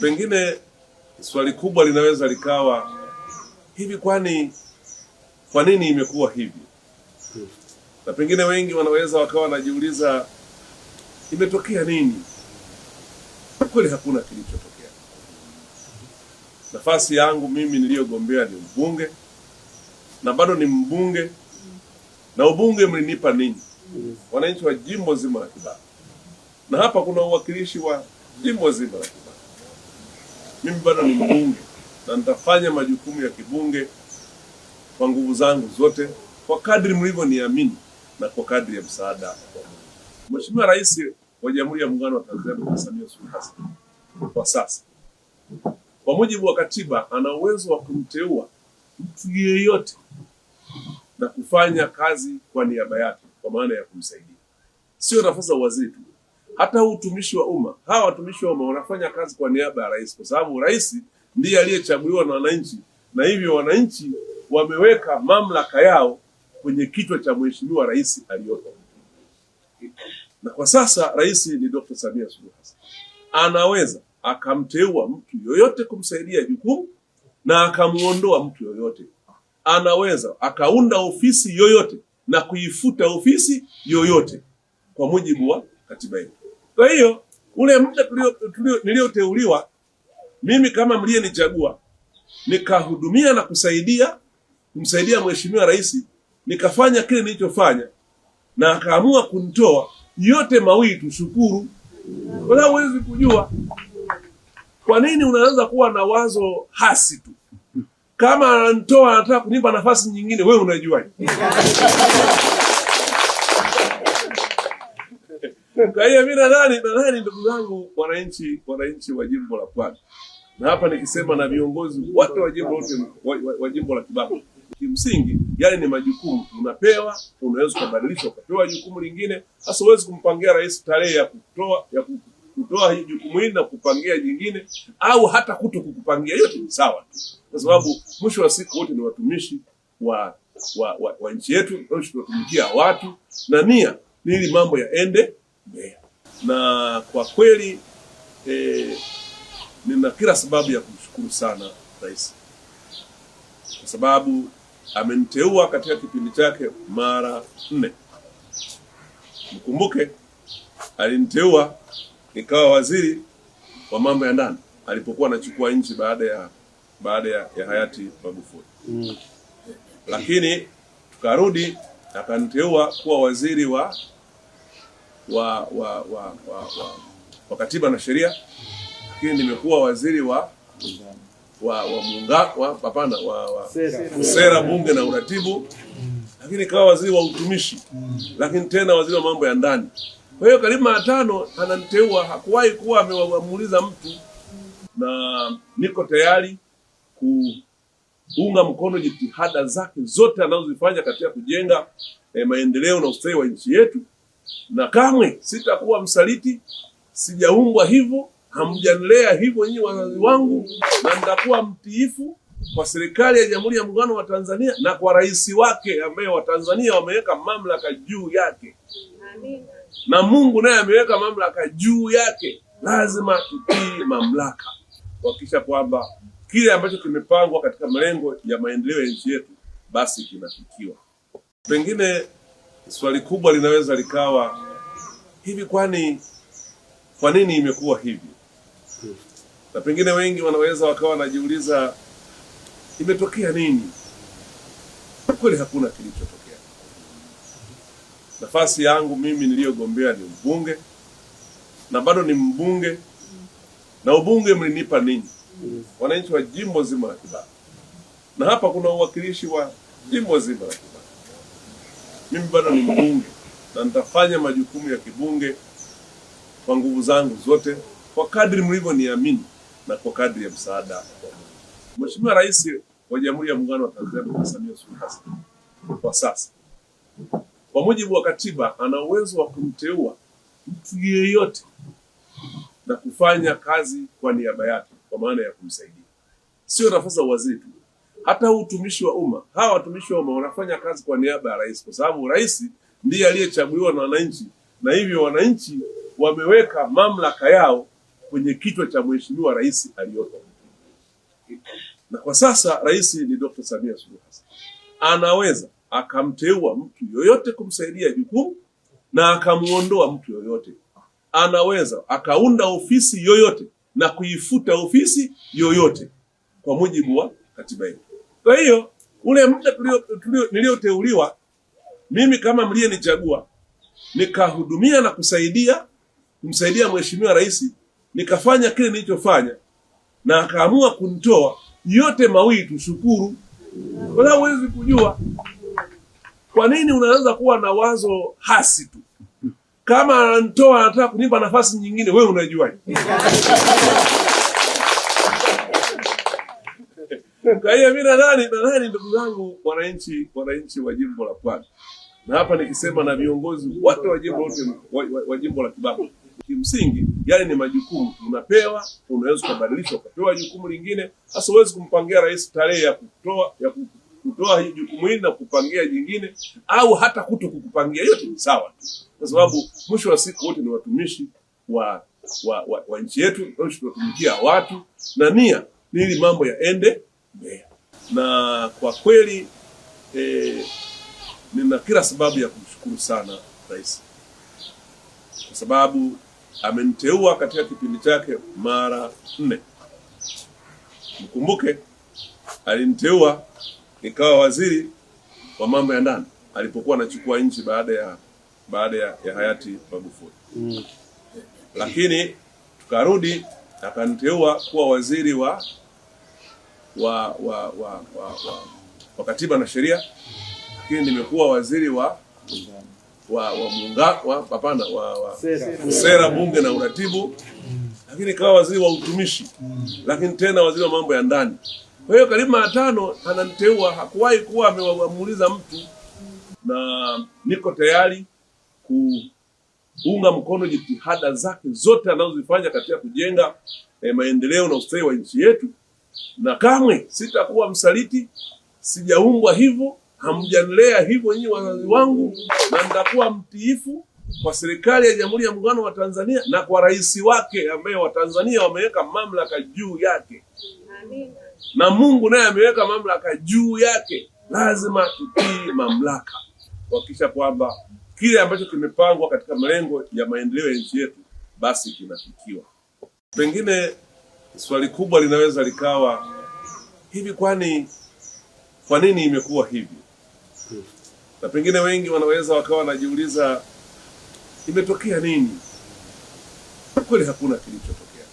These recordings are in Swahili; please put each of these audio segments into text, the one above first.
Pengine swali kubwa linaweza likawa hivi, kwani kwa nini imekuwa hivi? Na pengine wengi wanaweza wakawa wanajiuliza imetokea nini? Kweli hakuna kilichotokea. Nafasi yangu mimi niliyogombea ni ubunge na bado ni mbunge, na ubunge mlinipa ninyi wananchi wa jimbo zima la Kibaha, na hapa kuna uwakilishi wa jimbo zima la Kibaha. Mimi bado ni mbunge na nitafanya majukumu ya kibunge kwa nguvu zangu zote kwa kadri mlivyoniamini na kwa kadri ya msaada wa Mungu. Mheshimiwa Rais wa Jamhuri ya Muungano wa Tanzania Samia Suluhu Hassan kwa sasa, kwa mujibu wa katiba, ana uwezo wa kumteua mtu yeyote na kufanya kazi kwa niaba yake, kwa maana ya kumsaidia, sio nafasi za waziri tu hata huu utumishi wa umma, hawa watumishi wa umma wanafanya kazi kwa niaba ya rais, kwa sababu rais ndiye aliyechaguliwa na wananchi, na hivyo wananchi wameweka mamlaka yao kwenye kichwa cha mheshimiwa rais aliyopo. Na kwa sasa rais ni Dr. Samia Suluhu Hassan, anaweza akamteua mtu yoyote kumsaidia jukumu na akamuondoa mtu yoyote. Anaweza akaunda ofisi yoyote na kuifuta ofisi yoyote kwa mujibu wa katiba yetu. Kwa hiyo ule muda niliyoteuliwa mimi kama mliyenichagua, nikahudumia na kusaidia kumsaidia Mheshimiwa Rais, nikafanya kile nilichofanya na akaamua kunitoa. Yote mawili tushukuru, Wala huwezi kujua kwa nini unaweza kuwa na wazo hasi tu. Kama anantoa anataka kunipa nafasi nyingine, wewe unajua. Kwa hiyo mimi nadhani nadhani ndugu zangu wananchi wananchi wa jimbo la Pwani na hapa nikisema na viongozi wote wa jimbo wote wa jimbo la Kibaha, kimsingi yale ni majukumu unapewa, unaweza kubadilishwa ukapewa jukumu lingine. Sasa huwezi kumpangia rais tarehe ya kutoa ya kutoa hii jukumu hili na kupangia jingine, au hata kuto kukupangia. Yote ni sawa tu, kwa sababu mwisho wa siku wote ni watumishi wa wa, wa, wa nchi yetu, tunatumikia watu na nia ni ili mambo yaende Mbeya, na kwa kweli eh, nina kila sababu ya kumshukuru sana rais kwa sababu ameniteua katika kipindi chake mara nne. Mkumbuke aliniteua nikawa waziri wa mambo ya ndani alipokuwa anachukua nchi baada ya baada ya, ya hayati Magufuli mm. Lakini tukarudi akaniteua kuwa waziri wa wa, wa, wa, wa, wa, wa katiba na sheria, lakini nimekuwa waziri wa wa wa munga, wa hapana wa, wa sera bunge na uratibu, lakini kawa waziri wa utumishi, lakini tena waziri wa mambo ya ndani. Kwa hiyo karibu mara tano ananiteua, hakuwahi kuwa amewamuuliza mtu, na niko tayari kuunga mkono jitihada zake zote anazozifanya katika kujenga eh, maendeleo na ustawi wa nchi yetu na kamwe sitakuwa msaliti. Sijaumbwa hivyo, hamjanlea hivyo nyinyi wazazi wangu, na nitakuwa mtiifu kwa serikali ya Jamhuri ya Muungano wa Tanzania na kwa rais wake ambaye Watanzania wameweka mamlaka juu yake. Amina. Na Mungu naye ameweka mamlaka juu yake, lazima tutii mamlaka kuhakikisha kwamba kile ambacho kimepangwa katika malengo ya maendeleo ya nchi yetu basi kinafikiwa. Pengine Swali kubwa linaweza likawa hivi, kwani kwa nini imekuwa hivi? Na pengine wengi wanaweza wakawa wanajiuliza imetokea nini? Kweli hakuna kilichotokea. Nafasi yangu mimi niliyogombea ni ubunge na bado ni mbunge, na ubunge mlinipa ninyi wananchi wa jimbo zima la Kibaha, na hapa kuna uwakilishi wa jimbo zima la Kibaha. Mimi bado ni mbunge na nitafanya majukumu ya kibunge kwa nguvu zangu zote kwa kadri mlivyoniamini na kwa kadri ya msaada wa Mungu. Mheshimiwa Rais wa Jamhuri ya Muungano wa Tanzania Samia Suluhu Hassan kwa sasa, kwa mujibu wa katiba, ana uwezo wa kumteua mtu yeyote na kufanya kazi kwa niaba yake, kwa maana ya kumsaidia, sio nafasi za waziri tu hata huu utumishi wa umma, hawa watumishi wa umma wanafanya kazi kwa niaba ya rais, kwa sababu rais ndiye aliyechaguliwa na wananchi, na hivyo wananchi wameweka mamlaka yao kwenye kichwa cha mheshimiwa rais aliyopo. Na kwa sasa rais ni Dr. Samia Suluhu Hassan, anaweza akamteua mtu yoyote kumsaidia jukumu na akamuondoa mtu yoyote. Anaweza akaunda ofisi yoyote na kuifuta ofisi yoyote kwa mujibu wa katiba yetu. Kwa hiyo ule muda niliyoteuliwa mimi kama mliyenichagua, nikahudumia na kusaidia kumsaidia Mheshimiwa Rais, nikafanya kile nilichofanya na akaamua kunitoa. Yote mawili tushukuru, wala huwezi kujua kwa nini unaanza kuwa na wazo hasi tu. Kama anantoa anataka kunipa nafasi nyingine, wewe unajua Kwa hiyo mimi nadhani nadhani, ndugu zangu wananchi, wananchi wa jimbo la Pwani, na hapa nikisema na viongozi wote wa jimbo lote wa jimbo la Kibaha, kimsingi yale ni majukumu unapewa, unaweza kubadilisha ukapewa jukumu lingine. Sasa huwezi kumpangia rais tarehe ya kutoa ya kutoa hii jukumu hili na kupangia jingine, au hata kuto kukupangia, yote ni sawa tu, kwa sababu mwisho wa siku wote ni watumishi wa wa, wa, wa nchi yetu, tunatumikia watu na nia ni ili mambo yaende na kwa kweli eh, nina kila sababu ya kumshukuru sana rais kwa sababu ameniteua katika kipindi chake mara nne. Mkumbuke aliniteua nikawa waziri wa mambo ya ndani alipokuwa anachukua nchi baada ya baada ya, ya hayati Magufuli mm. Lakini tukarudi akaniteua kuwa waziri wa wa, wa, wa, wa, wa, wa katiba na sheria, lakini nimekuwa waziri wa wa, wa, munga, wa, papana, wa, wa sera, sera bunge na uratibu, lakini kawa waziri wa utumishi, lakini tena waziri wa mambo ya ndani. Kwa hiyo karibu tano ananiteua, hakuwahi kuwa amewamuuliza mtu, na niko tayari kuunga mkono jitihada zake zote anazozifanya katika kujenga eh, maendeleo na ustawi wa nchi yetu na kamwe sitakuwa msaliti. Sijaumbwa hivyo, hamjanilea hivyo nyinyi wazazi wangu, na nitakuwa mtiifu kwa serikali ya Jamhuri ya Muungano wa Tanzania na kwa rais wake ambaye Watanzania wameweka mamlaka juu yake. Na Mungu naye ameweka mamlaka juu yake, lazima tutii mamlaka kuhakikisha kwamba kile ambacho kimepangwa katika malengo ya maendeleo ya nchi yetu basi kinafikiwa. Pengine Swali kubwa linaweza likawa hivi, kwani kwa nini imekuwa hivi? Na pengine wengi wanaweza wakawa wanajiuliza imetokea nini? Kweli hakuna kilichotokea.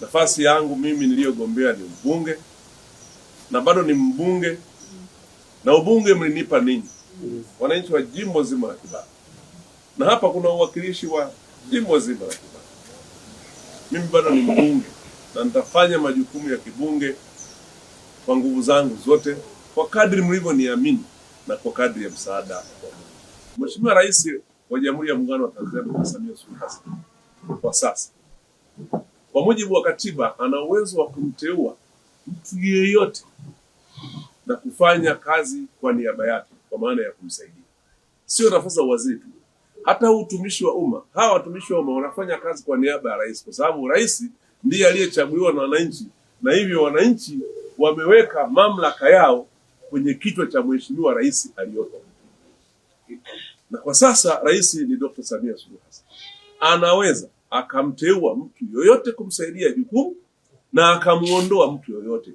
Nafasi yangu mimi niliyogombea ni ubunge na bado ni mbunge, na ubunge mlinipa ninyi wananchi wa jimbo zima la Kibaha, na hapa kuna uwakilishi wa jimbo zima la Kibaha. Mimi bado ni mbunge na nitafanya majukumu ya kibunge kwa nguvu zangu zote kwa kadri mlivyoniamini na kwa kadri ya msaada wa Mungu. Mheshimiwa Rais wa Jamhuri ya Muungano wa Tanzania Samia Suluhu Hassan kwa sasa, kwa mujibu wa katiba, ana uwezo wa kumteua mtu yeyote na kufanya kazi kwa niaba yake, kwa maana ya kumsaidia, sio nafasi za waziri tu hata utumishi wa umma, hawa watumishi wa umma wanafanya kazi kwa niaba ya rais, kwa sababu rais ndiye aliyechaguliwa na wananchi, na hivyo wananchi wameweka mamlaka yao kwenye kichwa cha mheshimiwa rais aliyopo. Na kwa sasa rais ni Dr. Samia Suluhu Hassan, anaweza akamteua mtu yoyote kumsaidia jukumu na akamuondoa mtu yoyote.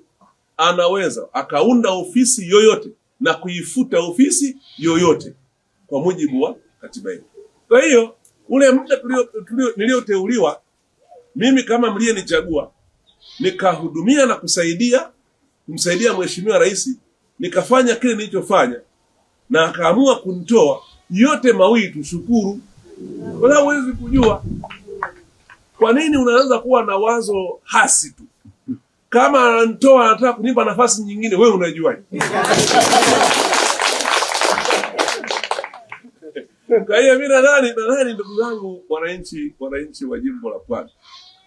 Anaweza akaunda ofisi yoyote na kuifuta ofisi yoyote kwa mujibu wa katiba yetu. Kwa hiyo ule muda niliyoteuliwa mimi kama mliyenichagua, nikahudumia na kusaidia kumsaidia Mheshimiwa Rais, nikafanya kile nilichofanya na akaamua kunitoa. Yote mawili tushukuru, kwa sababu huwezi kujua kwa nini unaanza kuwa na wazo hasi tu. Kama anantoa anataka kunipa nafasi nyingine, wewe unajua. Kwa hiyo mimi nadhani nadhani, ndugu zangu wananchi, wananchi wa jimbo la Pwani,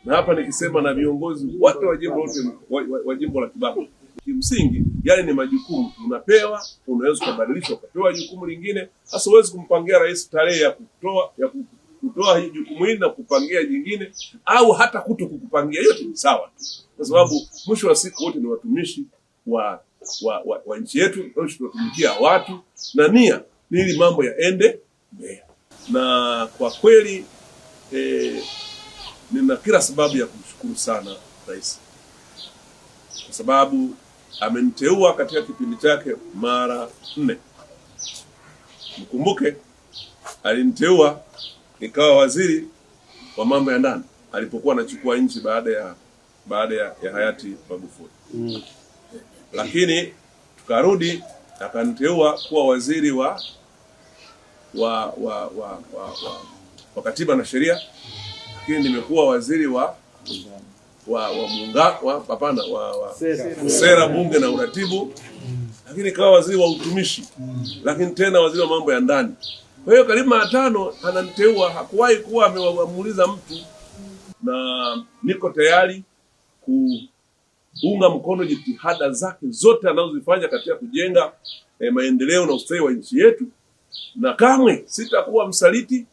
na hapa nikisema na viongozi wote wa jimbo lote wa jimbo la Kibaha, kimsingi yale ni majukumu unapewa, unaweza kubadilisha ukapewa jukumu lingine. Sasa huwezi kumpangia rais tarehe ya kutoa ya kutoa hii jukumu hili na kupangia jingine, au hata kuto kukupangia, yote ni sawa tu, kwa sababu mwisho wa siku wote ni watumishi wa wa, wa, wa nchi yetu, tunatumikia watu na nia ni ili mambo yaende na kwa kweli eh, nina kila sababu ya kumshukuru sana rais kwa sababu ameniteua katika kipindi chake mara nne. Mkumbuke aliniteua nikawa waziri wa mambo ya ndani alipokuwa anachukua nchi baada ya baada ya, ya hayati Magufuli mm. Lakini tukarudi akaniteua kuwa waziri wa wa, wa, wa, wa, wa, wa katiba na sheria, lakini nimekuwa waziri wa wa wa munga wa hapana wa, wa sera, sera bunge na uratibu, lakini kawa waziri wa utumishi, lakini tena waziri wa mambo ya ndani. Kwa hiyo karibu mara tano ananiteua, hakuwahi kuwa amewamuuliza mtu, na niko tayari kuunga mkono jitihada zake zote anazozifanya katika kujenga eh, maendeleo na ustawi wa nchi yetu na kamwe sitakuwa msaliti.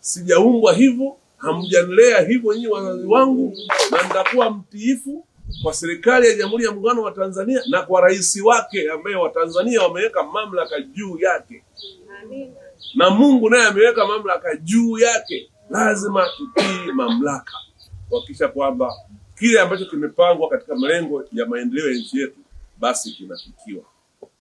Sijaumbwa hivyo, hamjanlea hivyo nyinyi wazazi wangu, na nitakuwa mtiifu kwa serikali ya Jamhuri ya Muungano wa Tanzania na kwa rais wake ambaye Watanzania wameweka mamlaka juu yake. Na Mungu naye ameweka mamlaka juu yake, lazima tutii mamlaka kuhakikisha kwamba kile ambacho kimepangwa katika malengo ya maendeleo ya nchi yetu basi kinafikiwa.